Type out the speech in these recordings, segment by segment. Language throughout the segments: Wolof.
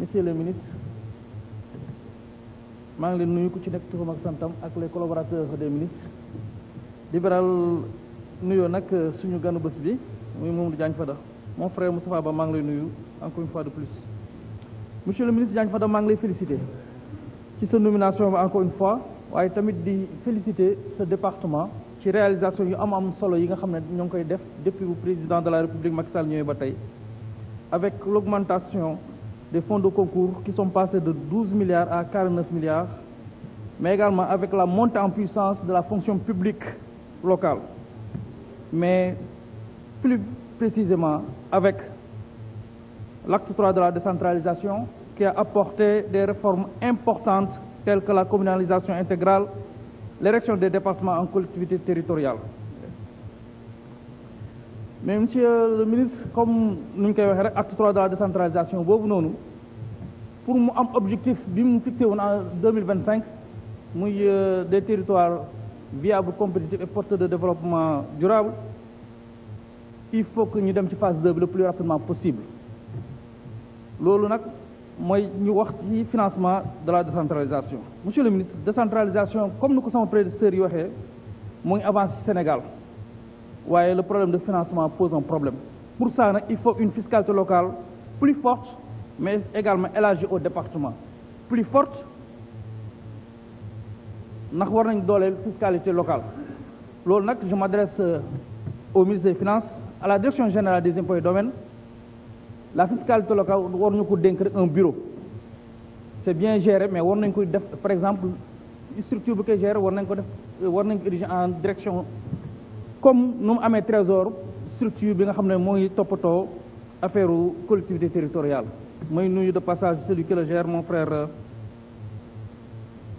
monsieur le ministre maa ngi leen nuyu ku ci nekk turam ak santam ak les collaborateurs des ministres di beral nuyoo nag euh, suñu ganu bés bi muy Mamadou Diagne Fada mon frère Moustapha Ba maa ngi lay nuyu encore une fois de plus monsieur le ministre Diagne Fada maa ngi lay félicité ci sa nomination bi encore une fois waaye tamit di félicité sa département ci réalisation yu am am solo yi nga xam ne ñoo ngi koy def depuis bu président de la république Macky Sall ñëwee ba tey avec l'augmentation des fonds de concours qui sont passés de 12 milliards à 49 milliards, mais également avec la montée en puissance de la fonction publique locale. Mais plus précisément avec l'acte 3 de la décentralisation qui a des réformes importantes telles que la communalisation intégrale, l'érection des départements en collectivité territoriale. mais monsieur le ministre comme nu ñu koy waxee rek acte 3 de la décentralisation boobu noonu pour mu am objectif bi mu fixé woon en 2025 muy euh, des territoires viables compétitifs et porteurs de développement durable il faut que ñu dem ci phase 2 bi le plus rapidement possible loolu nag mooy ñu wax ci financement de la décentralisation monsieur le ministre décentralisation comme ni ko sama prédécesseur yi waxee mu ngi avancé ci Sénégal waaye le problème de financement pose un problème pour ça nag il faut une fiscalité locale plus forte mais également élargie au département plus forte ndax war nañ dooleel fiscalité locale loolu nag je m'adresse euh, au ministre des finances à la direction générale des impôts et domaines la fiscalité locale war ñu ko dénk un bureau c'est bien géré mais war nañ ko def par exemple structure bu koy géré war nañ ko def euh, war nañ ko en direction comme nu mu amee trésor structure bi nga xam ne mooy toppatoo affaire u collectivité territoriale mooy nuyu de passage celui qui le gère mon frère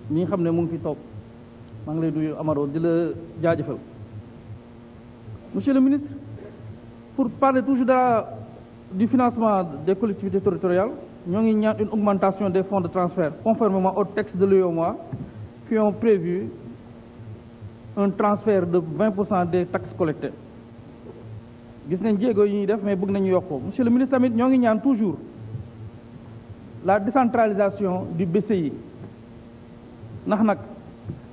mi nga xam ne mu ngi ki toog maa ngi lay nuyu Amaro di la jaajëfal monsieur le ministre pour parler toujours de la du financement des collectivités territoriales ñoo ngi ñaar une augmentation des fonds de transfert conformément au texte de l'UEMOA qui ont prévu un transfert de 20 pour cent des taxes collectées gis nañ jéego yi ñuy def mais bëgg nañu yokk ko monsieur le ministre tamit ñoo ngi ñaan toujours la décentralisation du BCI ndax nag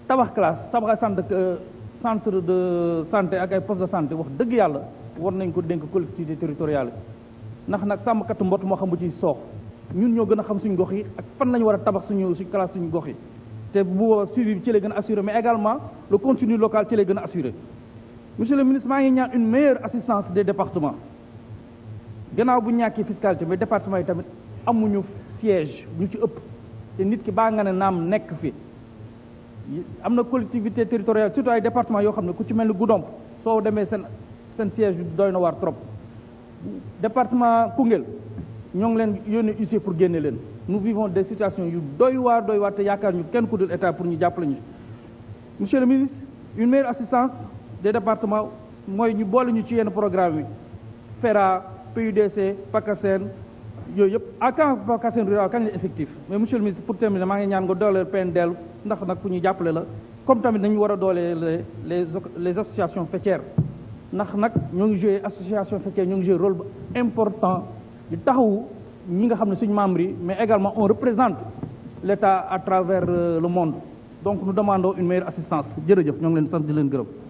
tabax classe tabax centre euh, centre de santé ak ay poste de santé wax dëgg yàlla war nañ ko dénk collectivité territoriale ndax nag sàmmkatu mbott moo xam bu ciy soox ñun ñoo gën a xam suñu gox yi ak fan nañu war a tabax suñu suñ classe suñu gox yi te bu suivi bi ci lay gën a assuré mais également le contenu local ci lay gën a assuré monsieur le ministre maa ngi ñaan une meilleure assistance des départements gannaaw bu ñàkkee fiscalité mais département yi tamit amuñu siège ñu ci ëpp nit ki baa nga ne naam nekk fi am na collectivité territoriale surtout ay département yoo xam ne ku ci mel ni Goudomp soo demee seen seen siège bi doy na waar trop département Koungheul ñoo ngi leen yónni huissier pour génne leen nous vivons des situations yu doy waar doy waar te yaakaar ñu kenn ku dul état pour ñu jàppale ñu monsieur le ministre une mooy ñu boole ñu ci yenn programme yi FERA PUDC PACASEN yooyu yëpp à ah, quand PACASEN rural kañ la effectif mais monsieur le ministre pour terminer maa ngi ñaan nga dooleel PNDL ndax nag ku ñu jàppale la comme tamit nañu war a dooleel les les associations faîtières ndax nag ñoo ngi joué association faîtière ñoo ngi joué rôle bu important di taxawu ñi nga xam ne suñ membres yi mais également on représente l'État à travers euh, le monde donc nous demandons une meilleure assistance jërëjëf ñoo ngi leen sant di leen gërëm